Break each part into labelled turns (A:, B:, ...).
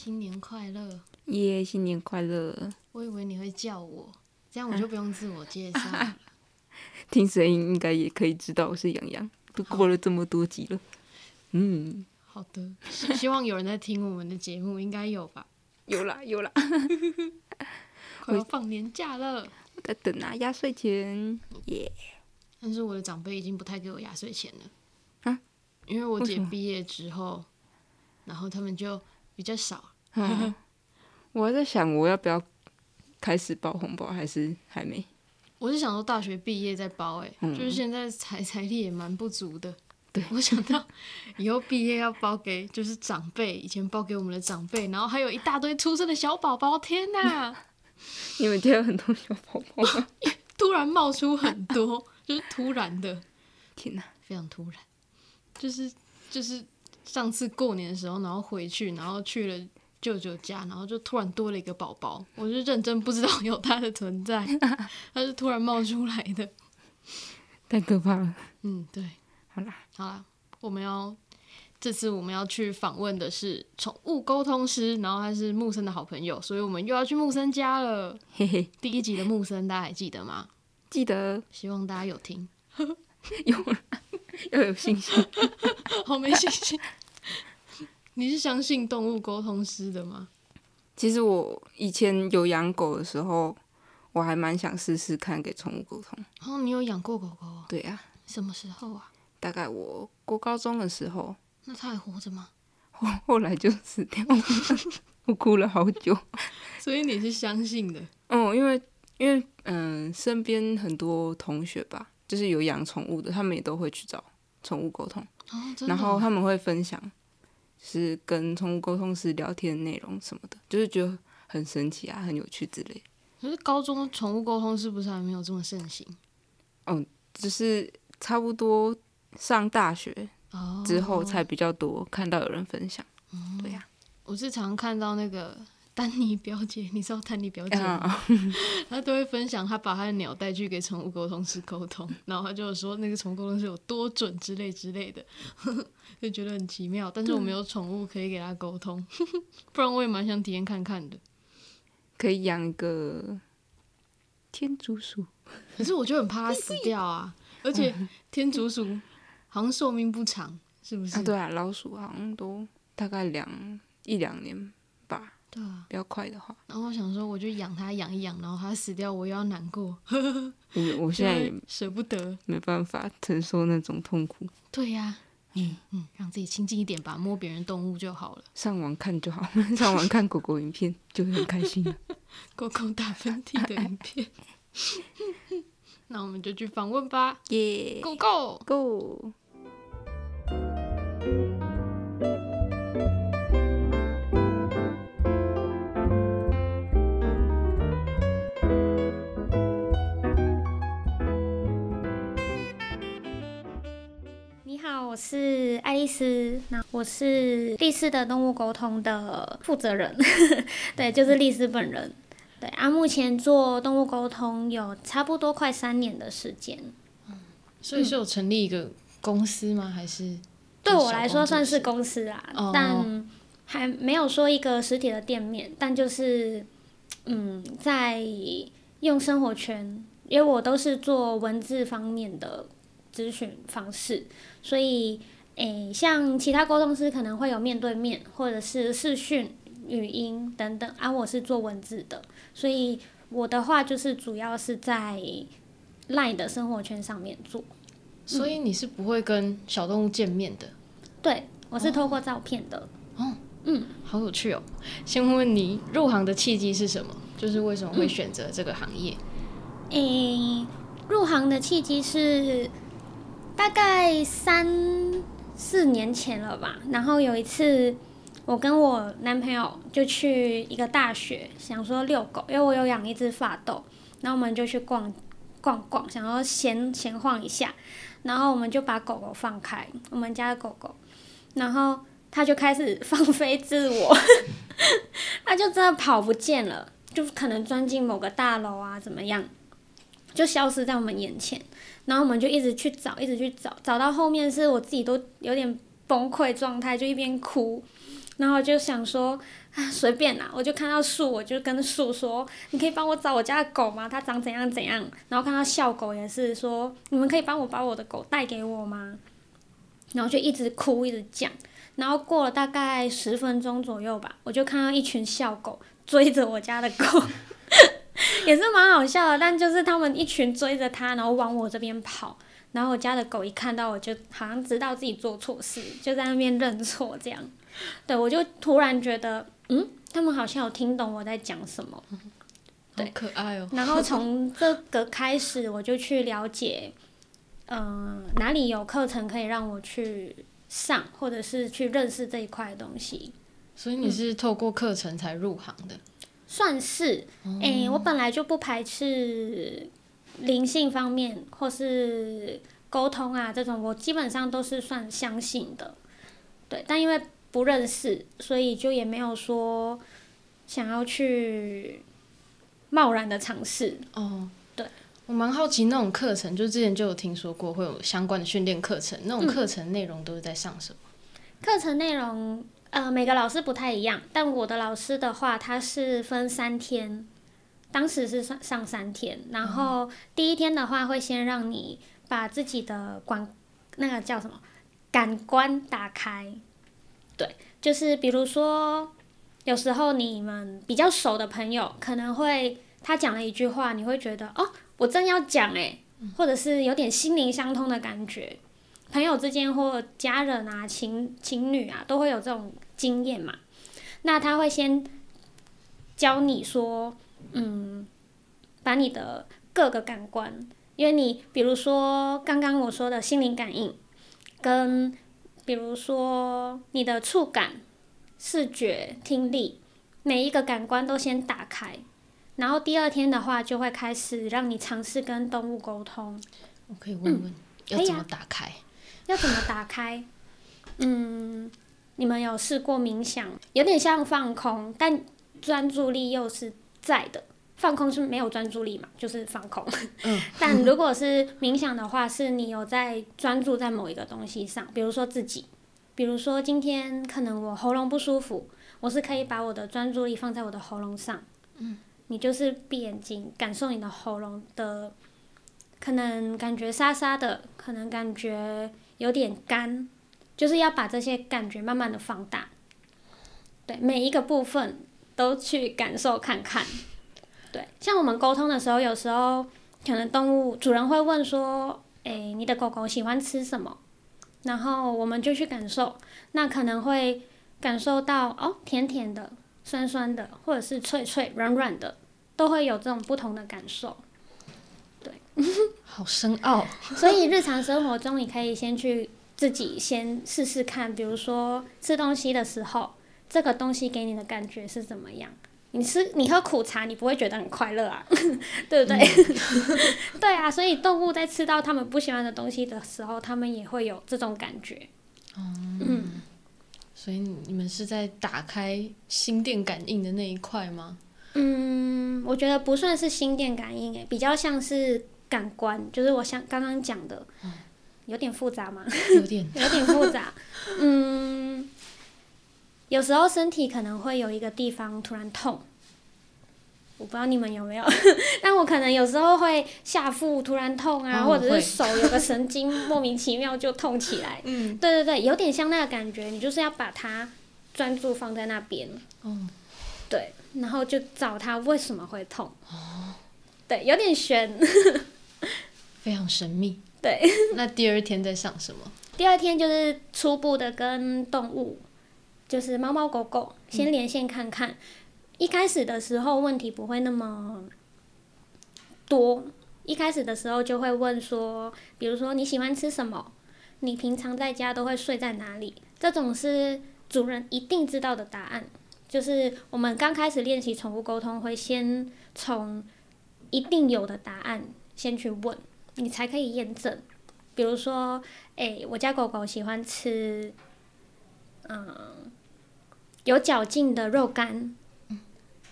A: 新年快樂！
B: 耶，yeah, 新年快樂！
A: 我以為你會叫我，這樣我就不用自我介紹了、啊、
B: 聽聲音應該也可以知道我是楊洋，洋，都過了這麼多集了。好嗯，好的。
A: 希望有人在聽我們的節目， 應該有吧？
B: 有啦，有啦。
A: 我 要放年假了，我在等拿壓歲錢。耶！Yeah，但是我的長輩已經不太給我壓歲錢了。啊？因為我姐畢業之後，然後他們就。比較少
B: 啊，我還在想我要不要開始包紅包，還是還沒？
A: 我是想說大學畢業再包。欸，哎、嗯，就是現在財財力也蠻不足的。對，我想到以後畢業要包給就是長輩，以前包給我們的長輩，然後還有一大堆出生的小寶寶，天哪、
B: 啊！ 你們有很多小寶寶，
A: 突然冒出很多， 就是突然的，天哪、啊，非常突然，就是就是。上次過年的時候，然後回去，然後去了舅舅家，然後就突然多了一個寶寶，我是認真不知道有他的存在，他是突然冒出來的，
B: 太可怕了。嗯，對，好啦，
A: 好啦，我們要這次我們要去訪問的是寵物溝通師，然後他是木森的好朋友，所以我們又要去木森家了。嘿嘿，第一集的木森大家還記得嗎？記得，希望大家有聽， 有
B: 了又有信心，
A: 好沒信心。你是相信動物溝通師的嗎？
B: 其實我以前有養狗的時候，我還蠻想試試看給寵物溝通。
A: 哦，你有養過狗狗啊？對呀、啊。什麼時候啊？
B: 大概我國高中的時候。
A: 那他還活着嗎？
B: 後後來就死掉了， 我哭了好久。 所以你是相信的？哦，因為因為嗯、呃，身邊很多同學吧，就是有養寵物的，他們也都會去找寵物溝通，哦、然後他們會分享。是跟寵物溝通師聊天的內容什麼的，就是覺得很神奇啊，很有趣之類。
A: 可是高中寵物溝通是不是還沒有這麼盛行？
B: 哦，只、就是差不多上大學之後才比較多看到有人分享。哦、
A: 對呀、啊嗯，我是常看到那個。丹尼表姐，你知道丹尼表姐嗎？嗯、他都會分享他把他的鳥帶去給寵物溝通師溝通，然後他就說那個寵物溝通師有多準之類之類的， 就覺得很奇妙。但是我沒有寵物可以給他溝通，嗯、 不然我也蠻想體驗看看的。
B: 可以養個天竺鼠，可是我就很怕它死掉啊。 而且天竺鼠好像壽命不長，是不是？啊對啊，老鼠好像都大概兩一兩年吧。對啊，比較快的話。然後我想說，我就養它
A: 養一養，然後它死掉，我又要難過。
B: 我我現在捨不得，沒辦法承受那種痛苦。
A: 對呀，嗯嗯，讓自己清淨一點吧，摸別人動物就好了。
B: 上網看就好，上網看狗狗影片 就很開心啊。
A: 狗狗打噴嚏的影片。 那我們就去訪問吧，耶！Go go go！
C: 我是愛麗絲，那我是麗絲的動物溝通的負責人、， 就是、人，對，就是麗絲本人，對啊，目前做動物溝通有差不多快三年的時間，嗯，所以
A: 是有成立一個公司嗎？還是一個小
C: 工作室？對我來說算是公司啊，Oh. 但還沒有說一個實體的店面，但就是嗯，在用生活圈，因為我都是做文字方面的。諮詢方式，所以誒、欸，像其他溝通師可能會有面對面或者是視訊、語音等等啊，我是做文字的，所以我的話就是主要是在 Line 的生活圈上面做。嗯、所以你是不會跟小動物見面的？對，我是透過照片的。
A: 哦，哦嗯，好有趣哦！先問問你入行的契機是什麼？就是為什麼會選擇這個行業？
C: 誒、嗯欸，入行的契機是，大概三四年前了吧，然後有一次，我跟我男朋友就去一個大學，想說遛狗，因為我有養一隻法鬥，然後我們就去逛逛逛，想要閒閒晃一下，然後我們就把狗狗放開，我們家的狗狗，然後它就開始放飛自我，它 就真的跑不見了，就可能鑽進某個大樓啊，怎麼樣？就消失在我們眼前，然後我們就一直去找，一直去找，找到後面是我自己都有點崩潰狀態，就一邊哭，然後就想說啊隨便啦，我就看到樹，我就跟樹說，你可以幫我找我家的狗嗎？它長怎樣怎樣？然後看到校狗也是說，你們可以幫我把我的狗帶給我嗎？然後就一直哭，一直講，然後過了大概十分鐘左右吧，我就看到一群校狗追着我家的狗。也是蠻好笑的，但就是他們一群追着他，然後往我這邊跑，然後我家的狗一看到我，就好像知道自己做錯事，就在那邊認錯這樣。對，我就突然覺得，嗯，他們好像有聽懂我在講什麼。
A: 對，可愛哦、喔。然後從
C: 這個開始，我就去了解，嗯、 呃，哪裡有課程可以讓我去上，或者是去認識這一塊東西。所以你是透過課
A: 程才入行的？嗯
C: 算是，哎、嗯欸，我本來就不排斥靈性方面、嗯、或是溝通啊這種，我基本上都是算相信的，對，但因為不認識，所以就也沒有說想要去貿然的嘗試。哦，
A: 對我蠻好奇那種課程，就之前就有聽說過會有相關的訓練課程，那種課程內容都是在上什麼？嗯、
C: 課程內容。呃，每個老師不太一樣，但我的老師的話，他是分三天，當時是上上三天，然後第一天的話會先讓你把自己的管那個叫什麼感官打開，對，就是比如說有時候你們比較熟的朋友，可能會他講了一句話，你會覺得哦，我正要講誒，或者是有點心靈相通的感覺。朋友之間或家人啊，情情侶啊，都會有這種經驗嘛。那他會先教你說，嗯，把你的各個感官，因為你比如說剛剛我說的心靈感應，跟比如說你的觸感、視覺、聽力，每一個感官都先打開。然後第二天的話，就會開始讓你嘗試跟動物溝通。
A: 我可以問問，嗯，要
C: 怎麼打開？哎要怎麼打開？嗯，你們有試過冥想？有點像放空，但專注力又是在的。放空是沒有專注力嘛，就是放空。嗯。但如果是冥想的話，是你有在專注在某一個東西上，比如說自己，比如說今天可能我喉嚨不舒服，我是可以把我的專注力放在我的喉嚨上。嗯。你就是閉眼睛，感受你的喉嚨的，可能感覺沙沙的，可能感覺。有點乾，就是要把這些感覺慢慢的放大，對每一個部分都去感受看看，對，像我們溝通的時候，有時候可能動物主人會問說，誒、欸，你的狗狗喜歡吃什麼？然後我們就去感受，那可能會感受到哦，甜甜的、酸酸的，或者是脆脆、軟軟的，都會有這種不同的感受。
A: 好深奧，
C: 所以日常生活中，你可以先去自己先試試看，比如說吃東西的時候，這個東西給你的感覺是怎麼樣？你吃你喝苦茶，你不會覺得很快樂啊， 對不對？嗯、 對啊，所以動物在吃到他們不喜歡的東西的時候，他們也會有這種感覺。哦、嗯，
A: 嗯、所以你們是
C: 在打開心電感應的那一塊嗎？嗯，我覺得不算是心電感應，耶，比較像是。感官就是我像剛剛講的，嗯、有點複雜嘛，有點 有點複雜， 嗯，有時候身體可能會有一個地方突然痛，我不知道你們有沒有， 但我可能有時候會下腹突然痛啊，哦、或者是手有個神經、哦、 莫名其妙就痛起來，嗯，對對對，有點像那個感覺，你就是要把它專注放在那邊，嗯、哦，對，然後就找它為什麼會痛，哦，對，有點玄。
A: 非常神秘，
C: 對。那
A: 第二天在上什麼？
C: 第二天就是初步的跟動物，就是貓貓狗狗先連線看看。嗯、一開始的時候問題不會那麼多，一開始的時候就會問說，比如說你喜歡吃什麼？你平常在家都會睡在哪裡？這種是主人一定知道的答案。就是我們剛開始練習寵物溝通，會先從一定有的答案先去問。你才可以驗證，比如說，誒、欸，我家狗狗喜歡吃，嗯，有嚼勁的肉乾，嗯、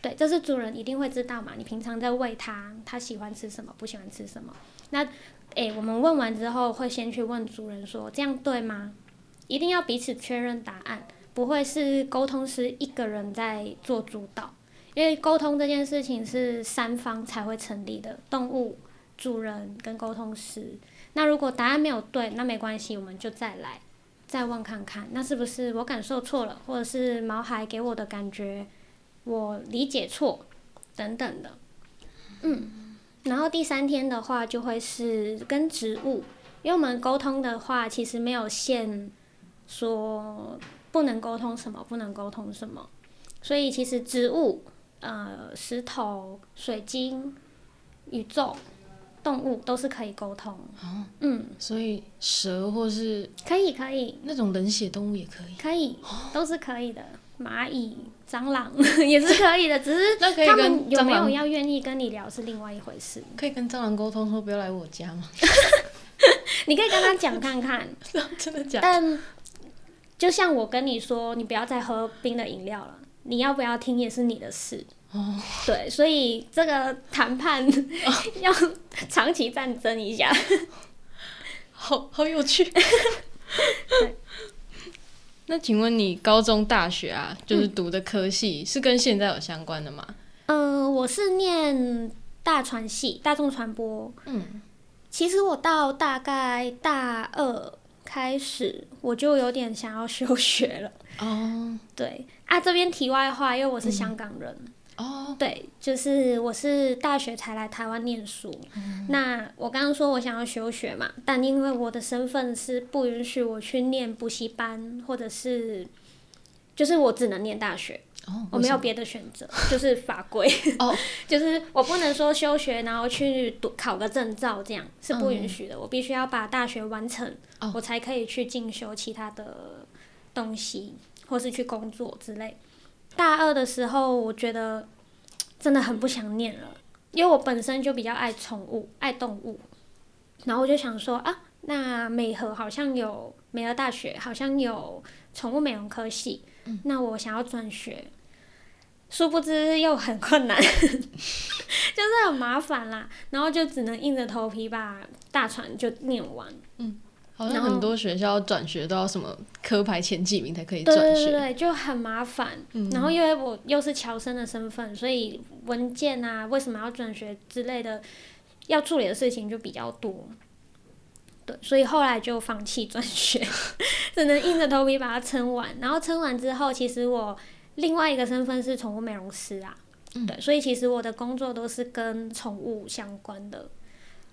C: 對，這是主人一定會知道嘛。你平常在餵它，它喜歡吃什麼，不喜歡吃什麼。那，誒、欸，我們問完之後，會先去問主人說，這樣對嗎？一定要彼此確認答案，不會是溝通師一個人在做主導，因為溝通這件事情是三方才會成立的，動物。主人跟溝通師。那如果答案沒有對，那沒關係，我們就再來，再問看看，那是不是我感受錯了，或者是毛孩給我的感覺我理解錯，等等的。嗯，然後第三天的話就會是跟植物，因為我們溝通的話其實沒有限說不能溝通什麼，不能溝通什麼，所以其實植物、呃石頭、水晶、宇宙、動物都是可以溝通，哦、嗯，所以
A: 蛇或是可以可以，那種冷血動物也可以，
C: 可以都是可以的，哦、螞蟻、蟑螂，也是可以的，對只是他們有沒有要願意跟你聊是另外一回事。可以跟蟑螂溝通說不要來我家嗎？ 你可以跟他講看看， 真的假的？但就像我跟你說，你不要再喝冰的飲料了，你要不要聽也是你的事。哦，oh. 對，所以這個談判要長期戰爭一下，oh. Oh. 好好有趣。
A: 那請問你高中、大學啊，就是讀的科系、嗯、是跟現在有相關的嗎？
C: 嗯，我是念大傳系，大眾傳播。嗯，其實我到大概大二開始，我就有點想要休學了。哦、oh.，對啊，這邊題外話，因為我是香港人。嗯哦，oh. 對，就是我是大學才來台灣念書，mm hmm. 那我剛剛說我想要休學嘛，但因為我的身份是不允許我去念補習班，或者是，就是我只能念大學，oh, okay. 我沒有別的選擇，就是法規，哦，oh. 就是我不能說休學，然後去讀考個證照，這樣是不允許的，mm hmm. 我必須要把大學完成，oh. 我才可以去進修其他的東西，或是去工作之類。大二的時候，我覺得真的很不想念了，因為我本身就比較愛寵物、愛動物，然後我就想說啊，那美和好像有美和大學好像有寵物美容科系，嗯、那我想要轉學，殊不知又很困難， 就是很麻煩啦，然後就只能硬着頭皮把大傳就念完，嗯。好像很多
A: 學校轉學都要什麼科排前幾名才可以轉學，對對、對、對
C: 就很麻煩。嗯、然後因為我又是僑生的身份，所以文件啊，為什麼要轉學之類的，要處理的事情就比較多。對，所以後來就放棄轉學， 只能硬着頭皮把它撐完。然後撐完之後，其實我另外一個身份是寵物美容師啊，嗯、對，所以其實我的工作都是跟寵物相關的，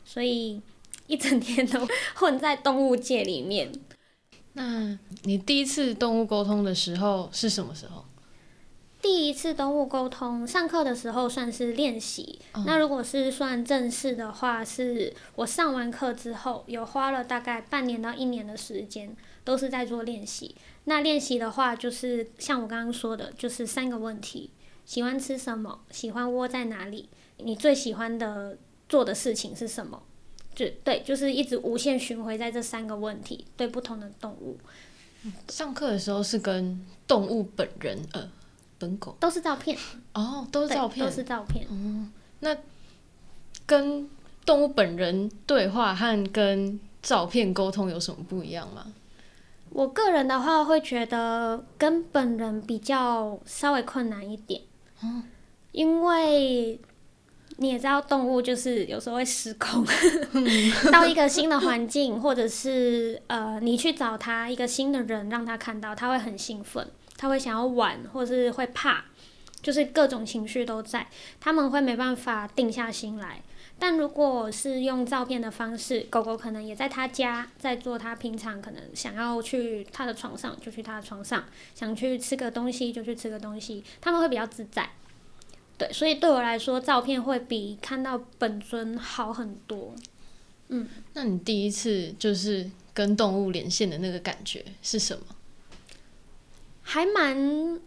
C: 所以。一整天都混在動物界裡面。那
A: 你第一次動物溝通的時候是什麼時候？
C: 第一次動物溝通，上課的時候算是練習。嗯、那如果是算正式的話，是我上完課之後，有花了大概半年到一年的時間，都是在做練習。那練習的話，就是像我剛剛說的，就是三個問題：喜歡吃什麼？喜歡窩在哪裡？你最喜歡的做的事情是什麼？就對，就是一直無限循環在這三個問題，對不同的動物。
A: 上課的時候是跟動物本人呃，本狗
C: 都是照片哦，都是照片，都是照片、嗯。那
A: 跟動物本人對話和跟照片溝通有什麼不一
C: 樣嗎？我個人的話會覺得跟本人比較稍微困難一點，哦、嗯，因為。你也知道，動物就是有時候會失控， 到一個新的環境，或者是呃，你去找它，一個新的人讓他看到，他會很興奮，他會想要玩，或是會怕，就是各種情緒都在，他們會沒辦法定下心來。但如果是用照片的方式，狗狗可能也在他家，在做他平常可能想要去他的床上就去他的床上，想去吃個東西就去吃個東西，他們會比較自在。對，所以對我來說，照片會比看到本尊好很多。嗯，
A: 那你第一次就是
C: 跟動物連線的那個感覺是什麼？還蠻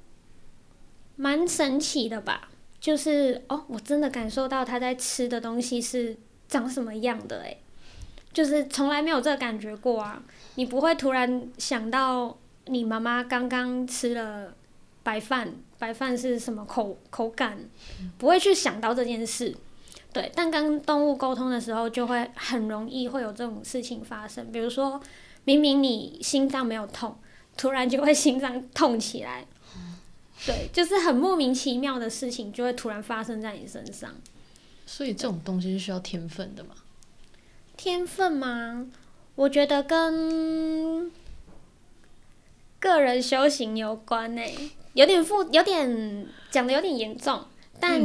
C: 蠻神奇的吧？就是哦，我真的感受到它在吃的東西是長什麼樣的哎，就是從來沒有這個感覺過啊！你不會突然想到你媽媽剛剛吃了白飯。白飯是什麼口口感？不會去想到這件事，對。但跟動物溝通的時候，就會很容易會有這種事情發生。比如說，明明你心臟沒有痛，突然就會心臟痛起來。對，就是很莫名其妙的事情，就會突然發生在你身上。
A: 對。所以，這種東西是需要天分的嗎？
C: 天分嗎？我覺得跟。個人修行有關呢，有點負，有點講的有點嚴重，但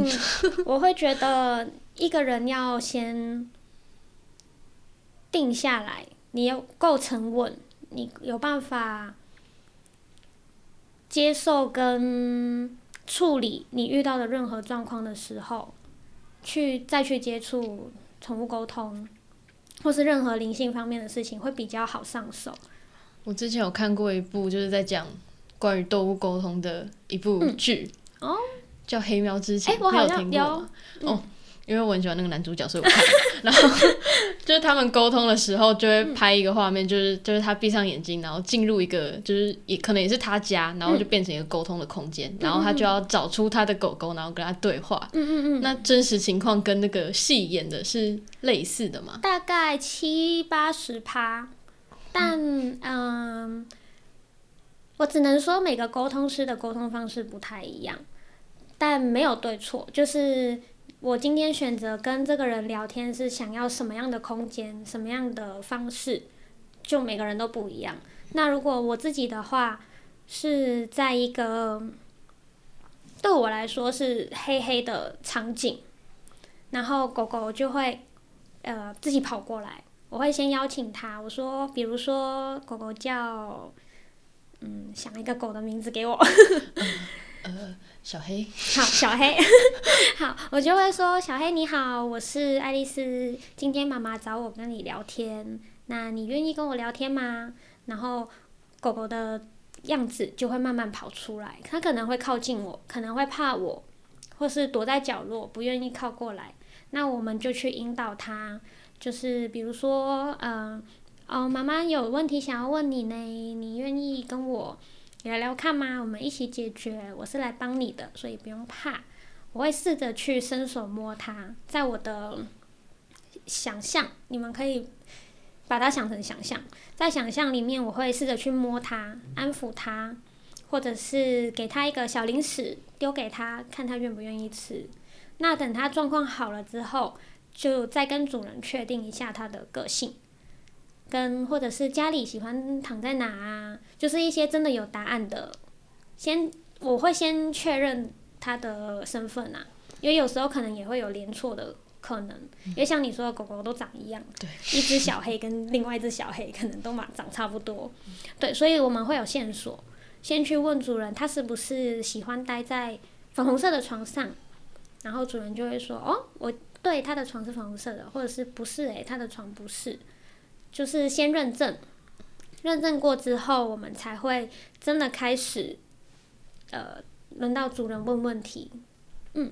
C: 我會覺得一個人要先定下來，你要夠沉穩，你有辦法接受跟處理你遇到的任何狀況的時候，去再去接觸寵物溝通，或是任何靈性方面的事情，會比較好上手。
A: 我之前有看過一部，就是在講關於動物溝通的一部劇、嗯、哦，叫《黑喵》之前，哎、欸，我好像有聽過、嗯、哦，因為我很喜歡那個男主角，所以我看。 然後就是他們溝通的時候，就會拍一個畫面、嗯就是，就是就是他閉上眼睛，然後進入一個，就是也可能也是他家，然後就變成一個溝通的空間，嗯、然後他就要找出他的狗狗，然後跟他對話。嗯，嗯，嗯那真實情況跟那個戲演的是類似的嗎？
C: 大概七八十趴。嗯但嗯、呃，我只能說每個溝通師的溝通方式不太一樣，但沒有對錯。就是我今天選擇跟這個人聊天是想要什麼樣的空間，什麼樣的方式，就每個人都不一樣。那如果我自己的話是在一個對我來說是黑黑的場景，然後狗狗就會呃自己跑過來。我會先邀請他，我說，比如說，狗狗叫，嗯，想一個狗的名字給我。 uh, uh, 小黑，好，小黑， 好，我就會說，小黑你好，我是愛麗絲，今天媽媽找我跟你聊天，那你願意跟我聊天嗎？然後狗狗的樣子就會慢慢跑出來，它可能會靠近我，可能會怕我，或是躲在角落不願意靠過來，那我們就去引導它。就是比如說，嗯、呃，哦，媽媽有問題想要問你呢，你願意跟我聊聊看嗎？我們一起解決。我是來幫你的，所以不用怕。我會試着去伸手摸它，在我的想象，你們可以把它想成想象，在想象裡面，我會試着去摸它，安撫它，或者是給它一個小零食，丟給它，看它願不願意吃。那等它狀況好了之後。就再跟主人確定一下他的個性，跟或者是家裡喜歡躺在哪啊，就是一些真的有答案的。先我會先確認他的身份吶、啊，因為有時候可能也會有連錯的可能，因為像你說的狗狗都長一樣，對、嗯，一隻小黑跟另外一隻小黑可能都嘛長差不多，對，所以我們會有線索，先去問主人他是不是喜歡待在粉紅色的床上，然後主人就會說哦我。對，他的床是粉紅色的，或者是不是、欸？哎，他的床不是，就是先認證，認證過之後，我們才會真的開始。呃，輪到主人問問題。嗯，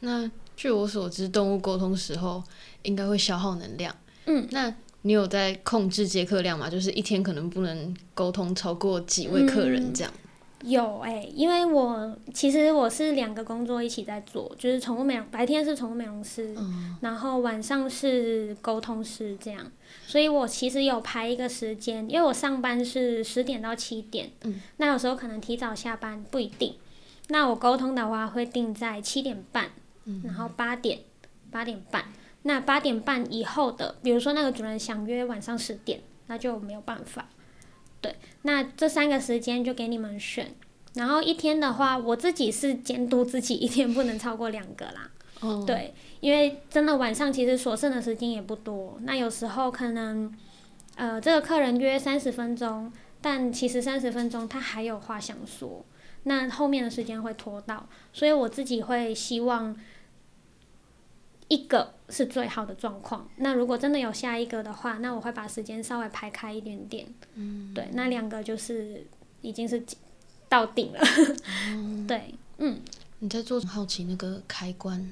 A: 那據我所知，動物溝通時候應該會消耗能量。嗯，那你有在控制接客量嗎？就是一天可能不能溝通超過幾位客人這樣。嗯。
C: 有誒、欸，因為我其實我是兩個工作一起在做，就是寵物美容，白天是寵物美容師，嗯、然後晚上是溝通師這樣。所以我其實有排一個時間，因為我上班是十點到七點，嗯、那有時候可能提早下班不一定。那我溝通的話會定在七點半，然後八點、八點半。嗯、那八點半以後的，比如說那個主人想約晚上十點，那就沒有辦法。對，那這三個時間就給你們選。然後一天的話，我自己是監督自己一天不能超過兩個啦。哦，oh. 對，因為真的晚上其實所剩的時間也不多。那有時候可能，呃，這個客人約三十分鐘，但其實三十分鐘他還有話想說，那後面的時間會拖到，所以我自己會希望。一個是最好的狀況，那如果真的有下一個的話，那我會把時間稍微排開一點點。嗯，對，那兩個就是已經是到頂了。嗯、 對，
A: 嗯。你在做很好奇那個開關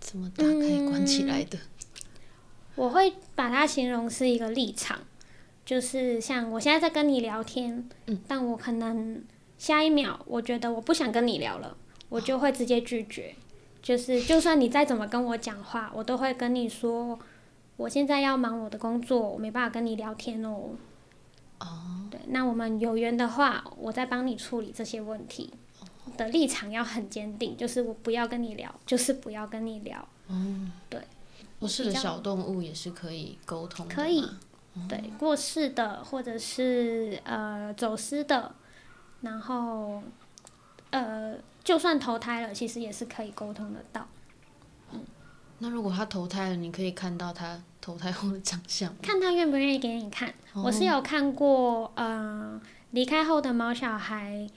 A: 怎麼打開關起來的？嗯。
C: 我會把它形容是一個立場，就是像我現在在跟你聊天，嗯、但我可能下一秒我覺得我不想跟你聊了，哦、我就會直接拒絕。就是，就算你再怎麼跟我講話，我都會跟你說，我現在要忙我的工作，我沒辦法跟你聊天哦。哦。Oh. 對，那我們有緣的話，我再幫你處理這些問題。哦。的立場要很堅定，就是我不要跟你聊，就是不要跟你聊。嗯，oh. 對。過世的小
A: 動物也是可以溝通的。可
C: 以。對，過世的或者是呃走失的，然後，呃。就算投胎了，其實也是可以溝通得到。哦。那如果
A: 他投胎了，你可以看到他投胎後的長相？
C: 看他願不願意給你看。哦，我是有看過，嗯、呃，離開後的毛小孩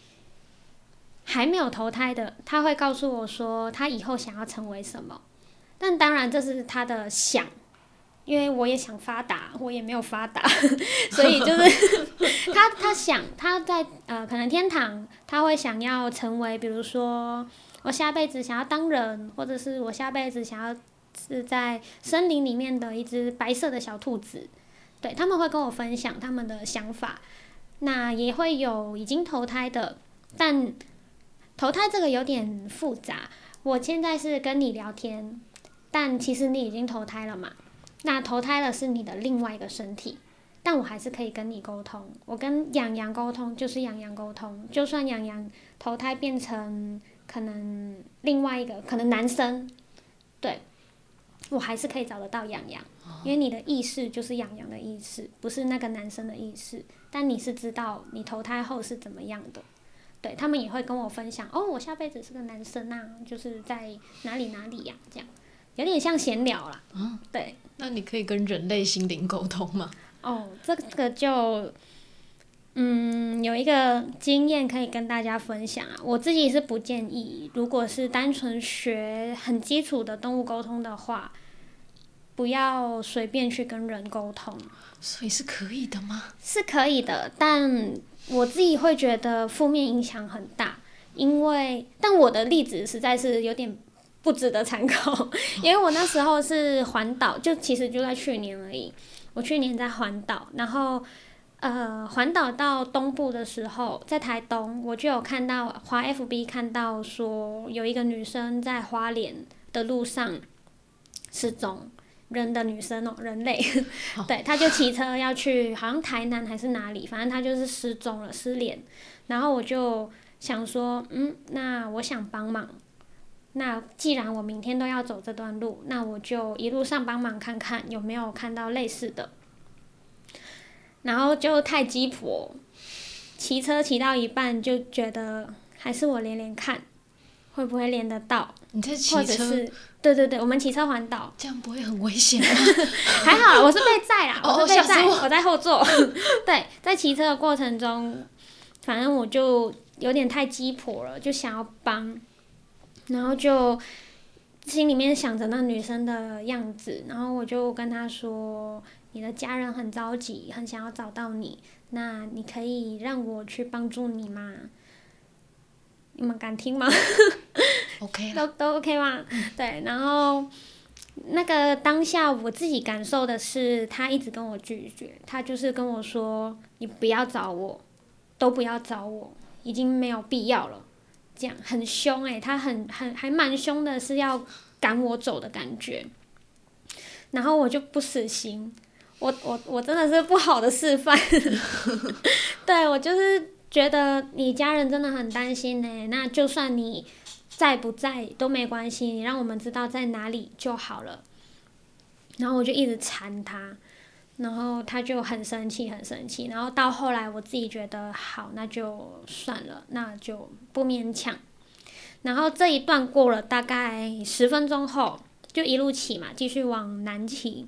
C: 還沒有投胎的，他會告訴我說他以後想要成為什麼，但當然這是他的想。因為我也想發達，我也沒有發達， 所以就是 他他想他在呃可能天堂他會想要成為，比如說我下輩子想要當人，或者是我下輩子想要是在森林裡面的一隻白色的小兔子，對，他們會跟我分享他們的想法，那也會有已經投胎的，但投胎這個有點複雜，我現在是跟你聊天，但其實你已經投胎了嘛。那投胎了是你的另外一個身體，但我還是可以跟你溝通。我跟羊羊溝通，就是羊羊溝通，就算羊羊投胎變成可能另外一個可能男生，對，我還是可以找得到羊羊，因為你的意識就是羊羊的意識，不是那個男生的意識。但你是知道你投胎後是怎麼樣的，對，他們也會跟我分享哦，我下輩子是個男生啊，就是在哪裡哪裡呀，啊，這樣有點像閒聊啦，嗯，
A: 對。那你可以跟人類心靈溝通嗎？
C: 哦，這個就，嗯，有一個經驗可以跟大家分享啊。我自己是不建議，如果是單純學很基礎的動物溝通的話，不要隨便去跟人溝通。所以是可以的嗎？是可以的，但我自己會覺得負面影響很大，因為，但我的例子實在是有點。不值得參考，因為我那時候是環島，就其實就在去年而已。我去年在環島，然後呃，環島到東部的時候，在台東我就有看到華 FB 看到說有一個女生在花蓮的路上失蹤，人的女生哦，人類，好 對，她就騎車要去好像台南還是哪裡，反正她就是失蹤了失聯。然後我就想說，嗯，那我想幫忙。那既然我明天都要走這段路，那我就一路上幫忙看看有沒有看到類似的，然後就太雞婆，騎車騎到一半就覺得還是我連連看，會不會連得到？你在騎車？或者是，對對對，我們騎車環島，這樣不會很危險嗎？ 還好我是被載啦。我是被載，我，我在後座。 對，在騎車的過程中，反正我就有點太雞婆了，就想要幫。然後就心裡面想着那女生的樣子，然後我就跟她說：“你的家人很着急，很想要找到你，那你可以讓我去幫助你嗎？你們敢聽嗎？”OK， 都都 OK 嗎？對，然後那個當下我自己感受的是，他一直跟我拒絕，他就是跟我說：“你不要找我，都不要找我，已經沒有必要了。”這樣很凶欸，他很很還蠻凶的，是要趕我走的感覺。然後我就不死心，我我我真的是不好的示範。 對我就是覺得你家人真的很擔心欸，那就算你在不在都沒關係，你讓我們知道在哪裡就好了。然後我就一直纏他。然後他就很生氣，很生氣。然後到後來，我自己覺得好，那就算了，那就不勉強。然後這一段過了大概十分鐘後，就一路騎嘛，繼續往南騎。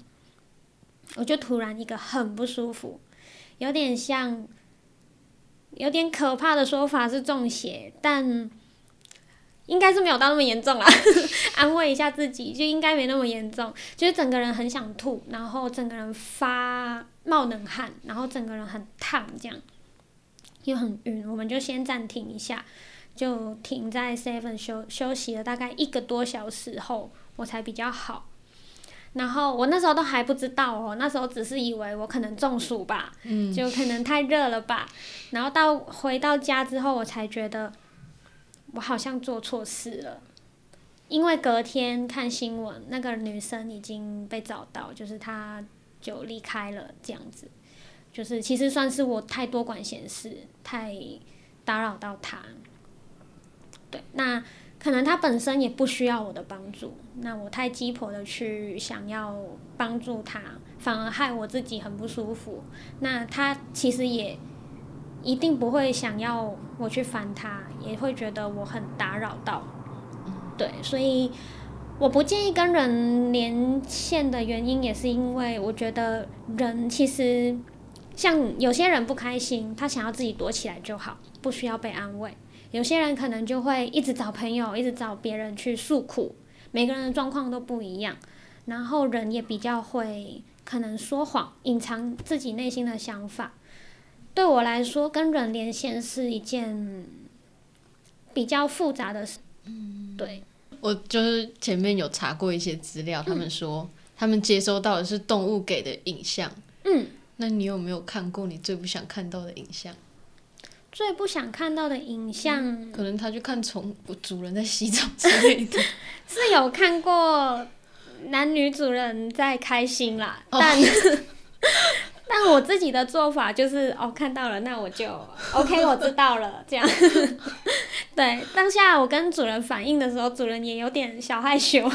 C: 我就突然一個很不舒服，有點像，有點可怕的說法是中邪，但。應該是沒有到那麼嚴重啊， 安慰一下自己，就應該沒那麼嚴重。就是整個人很想吐，然後整個人發冒冷汗，然後整個人很燙，這樣又很暈。我們就先暫停一下，就停在 seven 休休息了大概一個多小時後，我才比較好。然後我那時候都還不知道哦，那時候只是以為我可能中暑吧，嗯，就可能太熱了吧。然後到回到家之後，我才覺得。我好像做錯事了，因為隔天看新聞，那個女生已經被找到，就是她就離開了這樣子，就是其實算是我太多管閒事，太打擾到她。對，那可能她本身也不需要我的幫助，那我太雞婆的去想要幫助她，反而害我自己很不舒服。那她其實也。一定不會想要我去煩他，也會覺得我很打擾到，對，所以我不建議跟人連線的原因，也是因為我覺得人其實像有些人不開心，他想要自己躲起來就好，不需要被安慰。有些人可能就會一直找朋友，一直找別人去訴苦，每個人的狀況都不一樣，然後人也比較會可能說謊，隱藏自己內心的想法。對我來說，跟人連線是一件比較複雜的事。嗯，對。
A: 我就是前面有查過一些資料，嗯、他們說他們接收到的是動物給的影像。嗯，那你有沒有看過你最不想看到的影像？
C: 最不想看到的影像，嗯、可能他就看寵物主人在洗澡之類的。 是有看過男女主人在開心啦，哦、但。 但我自己的做法就是哦，看到了，那我就 OK，我知道了，這樣。 對，當下我跟主人反映的時候，主人也有點小害羞。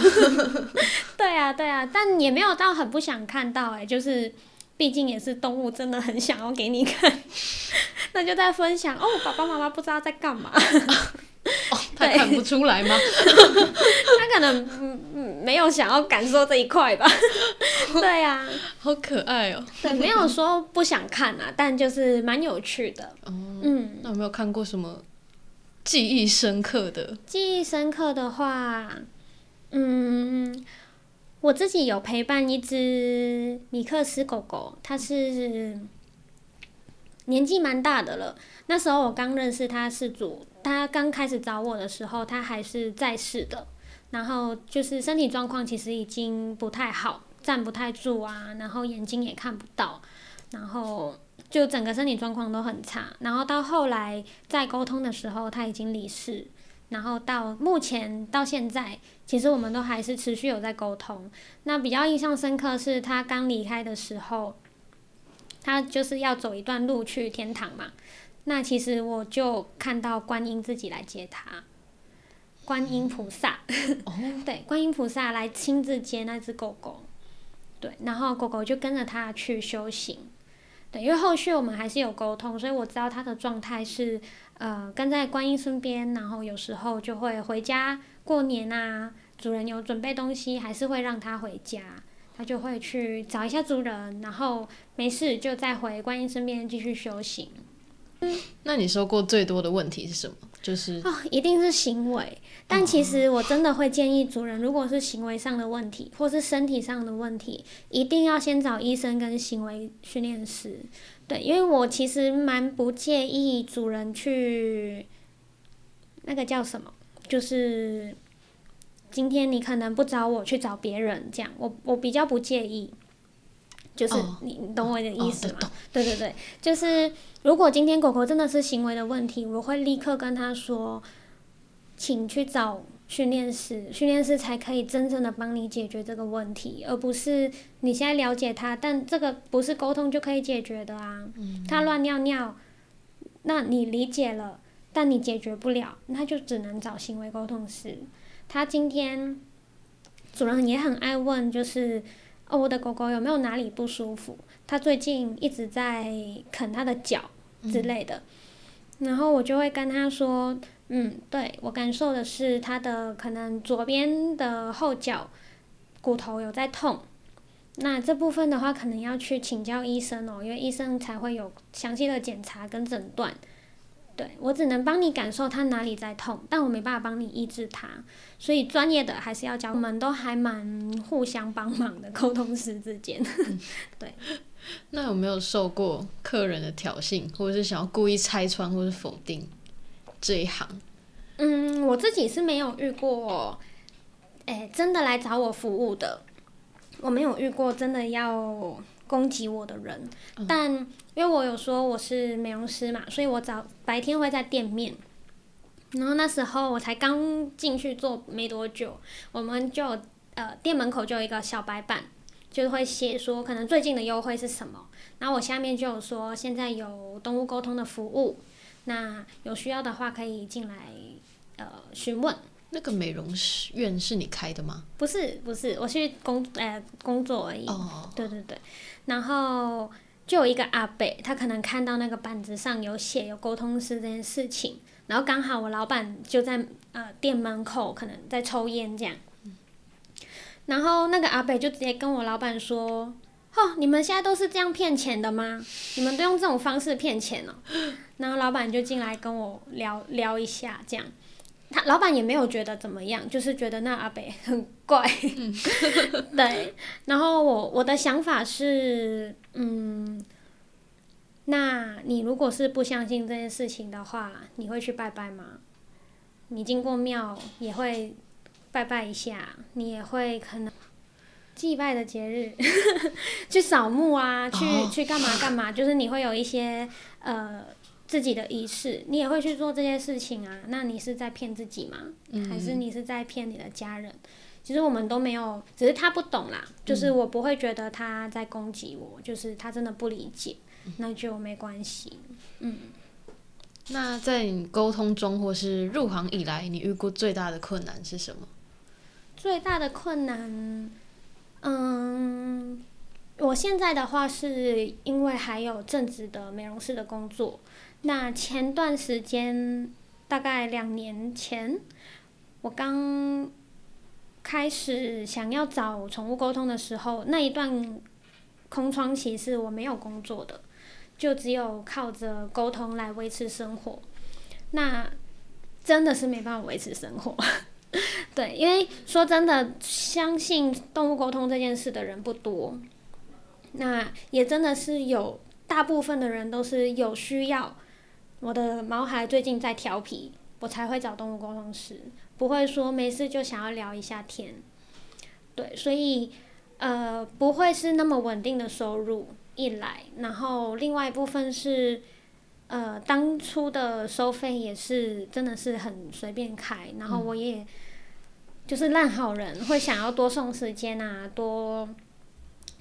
C: 對啊，對啊，但也沒有到很不想看到哎，就是畢竟也是動物，真的很想要給你看。 那就在分享哦，爸爸媽媽不知道在幹嘛。 對 看不出
A: 來嗎？
C: 他可能沒有想要感受這一塊吧。 對啊，好可愛哦！沒有說不想看啊，但就是蠻有趣的、嗯。嗯，那有沒有看過什麼記憶深刻的？記憶深刻的話，嗯，我自己有陪伴一隻米克斯狗狗，它是年紀蠻大的了。那時候我剛認識它，是主。他剛開始找我的時候，他還是在世的，然後就是身體狀況其實已經不太好，站不太住啊，然後眼睛也看不到，然後就整個身體狀況都很差。然後到後來在溝通的時候，他已經離世，然後到目前到現在，其實我們都還是持續有在溝通。那比較印象深刻的是他剛離開的時候，他就是要走一段路去天堂嘛。那其實我就看到觀音自己來接他，觀音菩薩， 對，觀音菩薩來親自接那隻狗狗，對，然後狗狗就跟着他去修行，對，因為後續我們還是有溝通，所以我知道他的狀態是，呃，跟在觀音身邊，然後有時候就會回家過年啊，主人有準備東西，還是會讓他回家，他就會去找一下主人，然後沒事就再回觀音身邊繼續修行。
A: 那你說過最多的問題是什麼？就是
C: 哦，一定是行為。嗯。但其實我真的會建議主人，如果是行為上的問題，或是身體上的問題，一定要先找醫生跟行為訓練師。對，因為我其實蠻不介意主人去那個叫什麼，就是今天你可能不找我，去找別人這樣，我我比較不介意。就是你，懂我的意思嗎？Oh, oh, do, do, do. 對對對，就是如果今天狗狗真的是行為的問題，我會立刻跟他說，請去找訓練師，訓練師才可以真正的幫你解決這個問題，而不是你現在了解他，但這個不是溝通就可以解決的啊。它、mm hmm. 他亂尿尿，那你理解了，但你解決不了，那就只能找行為溝通師。他今天主人也很愛問，就是。哦，我的狗狗有沒有哪裡不舒服？它最近一直在啃它的腳之類的，嗯、然後我就會跟他說：“嗯，對，我感受的是它的可能左邊的後腳骨頭有在痛，那這部分的話可能要去請教醫生哦，因為醫生才會有詳細的檢查跟診斷。”對，我只能幫你感受他哪裡在痛，但我沒辦法幫你醫治他，所以專業的還是要教。我們都還蠻互相幫忙的，溝通師之間。嗯、 對，
A: 那有沒有受過客人的挑釁，或是想要故意拆穿或是否定這一行？
C: 嗯，我自己是沒有遇過，哎、欸，真的來找我服務的，我沒有遇過真的要。攻擊我的人，嗯、但因為我有說我是美容師嘛，所以我早白天會在店面，然後那時候我才剛進去做沒多久，我們就呃店門口就有一個小白板，就會寫說可能最近的優惠是什麼，然後我下面就有說現在有動物溝通的服務，那有需要的話可以進來呃
A: 詢問。那個美容院是你開的嗎？
C: 不是，不是，我是去工，呃，工作而已。哦。Oh. 對對對，然後就有一個阿伯，他可能看到那個板子上有寫有溝通師這件事情，然後剛好我老板就在呃店門口可能在抽菸這樣，嗯、然後那個阿伯就直接跟我老板說：“哦，你們現在都是這樣騙錢的嗎？你們都用這種方式騙錢了、喔？” 然後老板就進來跟我聊聊一下這樣。他老闆也沒有覺得怎麼樣，就是覺得那阿北很怪， 對。然後我我的想法是，嗯，那你如果是不相信這件事情的話，你會去拜拜嗎？你經過廟也會拜拜一下，你也會可能祭拜的節日， 去掃墓啊，去去幹嘛幹嘛，就是你會有一些呃。自己的儀式，你也會去做這些事情啊？那你是在騙自己嗎？嗯、還是你是在騙你的家人？其實我們都沒有，嗯、只是他不懂啦。就是我不會覺得他在攻擊我，嗯、就是他真的不理解，那就沒關係。嗯，嗯
A: 那在你溝通中，或是入行以來，你遇過最大的困難是什麼？
C: 最大的困難，嗯，我現在的話是因為還有正職的美容師的工作。那前段時間，大概兩年前，我剛開始想要找寵物溝通的時候，那一段空窗期是我沒有工作的，就只有靠着溝通來維持生活。那真的是沒辦法維持生活， 對，因為說真的，相信動物溝通這件事的人不多。那也真的是有，大部分的人都是有需要。我的毛孩最近在調皮，我才會找動物溝通師，不會說沒事就想要聊一下天。對，所以呃，不會是那麼穩定的收入一來，然後另外一部分是，呃，當初的收費也是真的是很隨便開，然後我也就是爛好人，嗯、會想要多送時間啊，多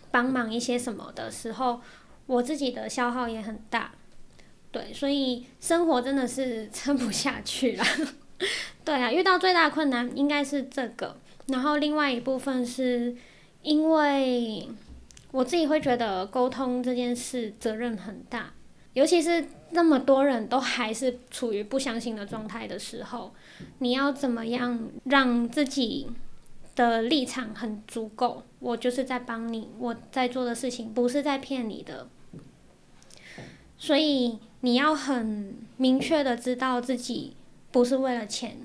C: 幫忙一些什麼的時候，我自己的消耗也很大。對，所以生活真的是撐不下去了。 對啊，遇到最大困難應該是這個。然後另外一部分是，因為我自己會覺得溝通這件事責任很大，尤其是那麼多人都還是處於不相信的狀態的時候，你要怎麼樣讓自己的立場很足夠？我就是在幫你，我在做的事情不是在騙你的，所以。你要很明確的知道自己不是為了錢，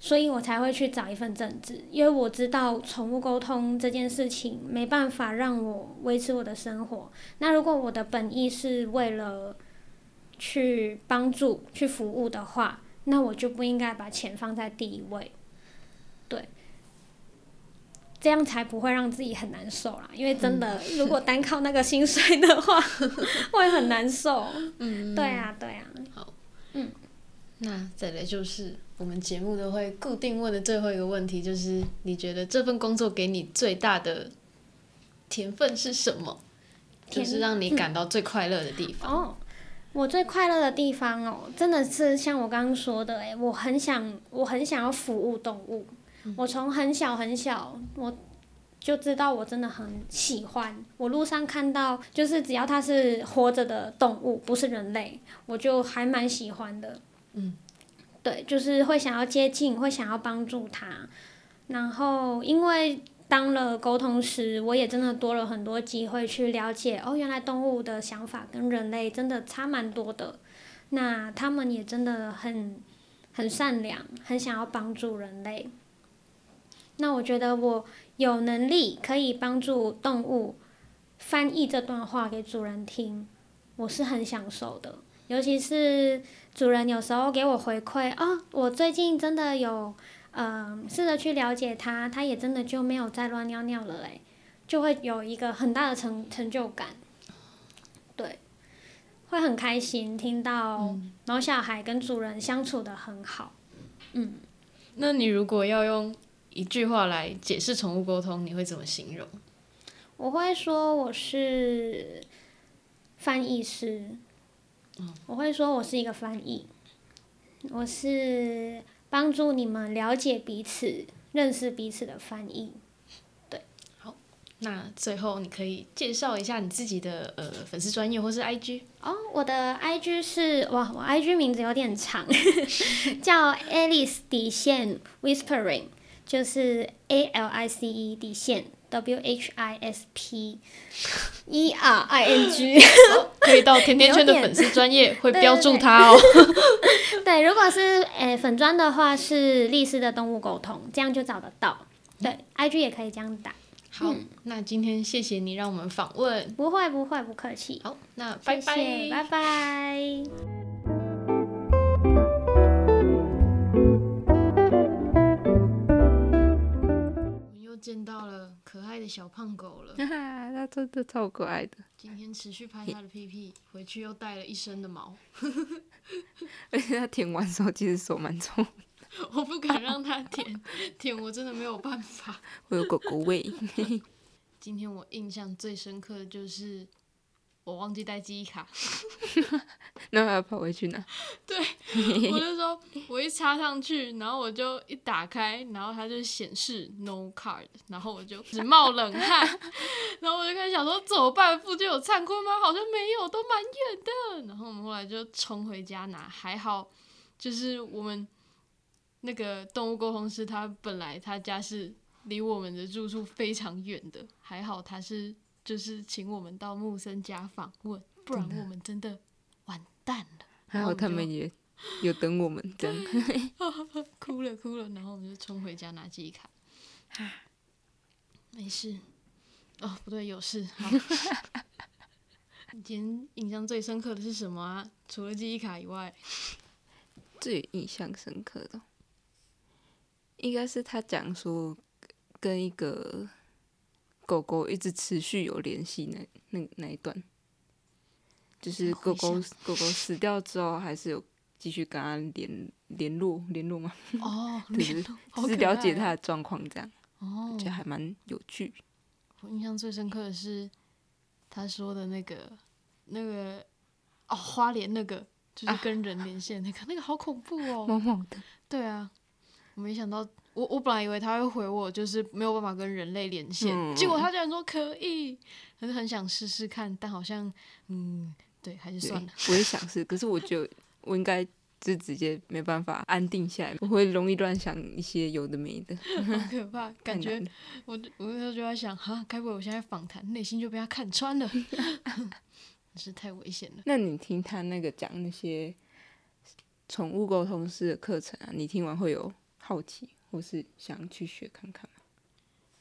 C: 所以我才會去找一份正職，因為我知道寵物溝通這件事情沒辦法讓我維持我的生活。那如果我的本意是為了去幫助、去服務的話，那我就不應該把錢放在第一位，對。這樣才不會讓自己很難受啦，因為真的，嗯、如果單靠那個薪水的話， 會很難受。嗯，對啊，對啊。好，嗯，
A: 那再來就是我們節目都會固定問的最後一個問題，就是你覺得這份工作給你最大的甜分是什麼？甜嗯、就是讓你感到最快樂的地方
C: 哦。我最快樂的地方哦，真的是像我剛剛說的、欸，哎，我很想，我很想要服務動物。我從很小很小，我就知道我真的很喜歡。我路上看到，就是只要它是活着的動物，不是人類，我就還蠻喜歡的。嗯，對，就是會想要接近，會想要幫助它。然後，因為當了溝通師，我也真的多了很多機會去了解。哦，原來動物的想法跟人類真的差蠻多的。那他們也真的很，很善良，很想要幫助人類。那我覺得我有能力可以幫助動物翻譯這段話給主人聽，我是很享受的。尤其是主人有時候給我回饋，哦，我最近真的有嗯、呃、試着去了解它，它也真的就沒有再亂尿尿了嘞，就會有一個很大的成成就感。對，會很開心聽到毛、嗯、小孩跟主人相處得很好。
A: 嗯。那你如果要用？一句話來解釋寵物溝通，你會怎麼形容？
C: 我會說我是翻譯師。嗯，我會說我是一個翻譯，我是幫助你們了解彼此、認識彼此的翻譯。對，好，
A: 那最後你可以介紹一下你自己的呃粉絲專業或是 IG？哦，
C: 我的 IG 是，哇，我 IG 名字有點長， 叫 Alice 底線 Whispering。就是 A L I C E 底線 W H I S P E R I N G， 哦、可以到甜甜圈的粉絲專頁，會標注它哦。 對，如果是誒粉專的話是莉絲的動物溝通，這樣就找得到。嗯、對，I G 也可以這樣打。好，嗯、那今天謝謝你讓我們訪問，不會不會不客氣。好，那拜拜謝謝 拜拜。
A: 見到了可愛的小胖狗
B: 了，它真的超可愛的。
A: 今天持續拍它的屁屁，回去又帶了一身的毛。
B: 而且它舔完手之後，其實手蠻臭。
A: 我不敢讓它舔，舔我真的沒有辦法。
B: 我有狗狗味。
A: 今天我印象最深刻的就是。我忘記帶記憶卡，
B: 那還要跑回去拿？對，我就
A: 說，我一插上去，然後我就一打開，然後它就顯示 no card，然後我就直冒冷汗， 然後我就開始想說，走半步就有燦坤嗎？好像沒有，都蠻遠的。然後我們後來就衝回家拿，還好，就是我們那個動物溝通師，他本來他家是離我們的住處非常遠的，還好他是。就是請我們到木森家訪問，不然我們真的完蛋了。
B: 還好、啊、他們也有等我們， 這樣 、
A: 啊、哭了哭了，然後我們就衝回家拿記憶卡。唉， 沒事。哦，不對，有事。 你今天印象最深刻的是什麼啊？除了記憶卡以外，
B: 最印象深刻的應該是他講說跟一個。狗狗一直持續有聯繫那，那那那一段，就是狗狗想狗狗死掉之後，還是有繼續跟它聯聯絡聯絡嗎？哦，聯、 就是、絡，只是了解它的狀況這樣。哦，就還蠻有趣、
A: 哦。我印象最深刻的是他說的那個那個哦，花蓮那個，就是跟人連線那個，啊、那個好恐怖哦。對啊，我沒想到。我我本來以為他會回我，就是沒有辦法跟人類連線。嗯、結果他竟然說可以，他是很想試試看，但好像嗯，對，還是算了。
B: 我也想試， 可是我就我應該就直接沒辦法安定下來，我會容易亂想一些有的沒的。很
A: 可怕，感覺我我那時候就在想，哈，該不會我現在訪談內心就被他看穿了？ 是太危險了。那
B: 你聽他那個講那些寵物溝通師的課程啊，你聽完會有好奇？我是想去學看看，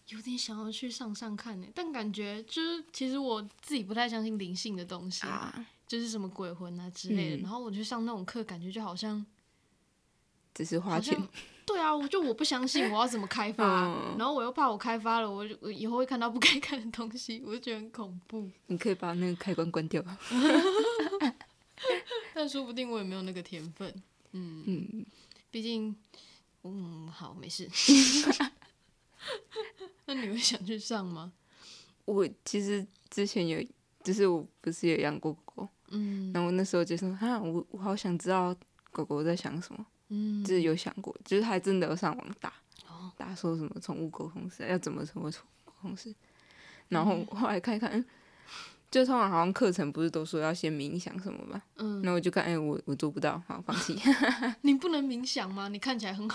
A: 有點想要去上上看呢，但感覺就是其實我自己不太相信靈性的東西，啊、就是什麼鬼魂啊之類的。嗯、然後我去上那種課，感覺就好像
B: 只是花錢。
A: 對啊，我就我不相信我要怎麼開
B: 發？嗯、然
A: 後我又怕我開發了，我以後會看到不該看的東西，我就覺得很恐怖。
B: 你可以把那個開關關掉。
A: 但說不定我也沒有那個天分。嗯嗯，嗯、畢竟。
B: 嗯，好，沒事。 那你們想去上嗎？我其實之前有，就是我不是有養過狗，嗯，然後那時候就說，哈，我我好想知道狗狗在想什麼，嗯、就是有想過，就是還真的有上網打，打說什麼寵物狗通師要怎麼成為寵物溝通，然後後來看一看。嗯就通常好像課程不是都說要先冥想什麼嗎？嗯，那我就看，哎、欸，我我做不到，好放棄。
A: 你不能冥想嗎？你看起來很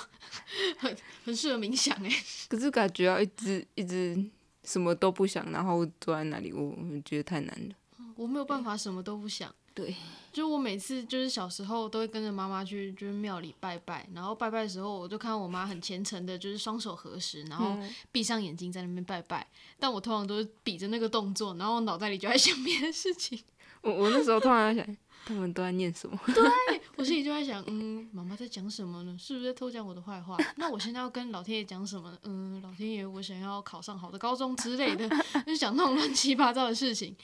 A: 很很適合冥想哎。
B: 可是感覺要一直一直什麼都不想，然後坐在那裡，我我覺得太難
A: 了。我沒有辦法什麼都不想。對，就我每次就是小時候都會跟着媽媽去就是廟裡拜拜，然後拜拜的時候，我就看我媽很虔誠的，就是雙手合十，然後閉上眼睛在那邊拜拜。嗯、但我通常都是比着那個動作，然後腦袋裡就在想別的事情。
B: 我我那時候突然在想， 他們都在念什麼？對，
A: 我心裡就在想，嗯，媽媽在講什麼呢？是不是在偷講我的壞話？ 那我現在要跟老天爺講什麼呢？嗯，老天爺，我想要考上好的高中之類的，就想那種亂七八糟的事情。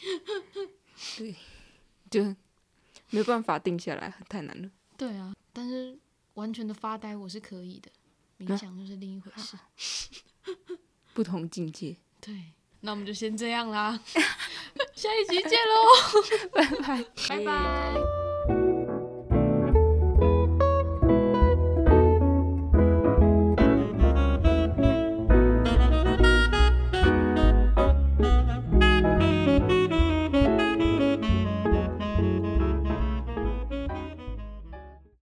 A: 對。
B: 就沒辦法定下來，太難了。
A: 對啊，但是完全的發呆我是可以的，冥
B: 想就是另一回事， 不同境界。對，
A: 那我們就先這樣啦， 下一集見嘍，拜拜，拜拜。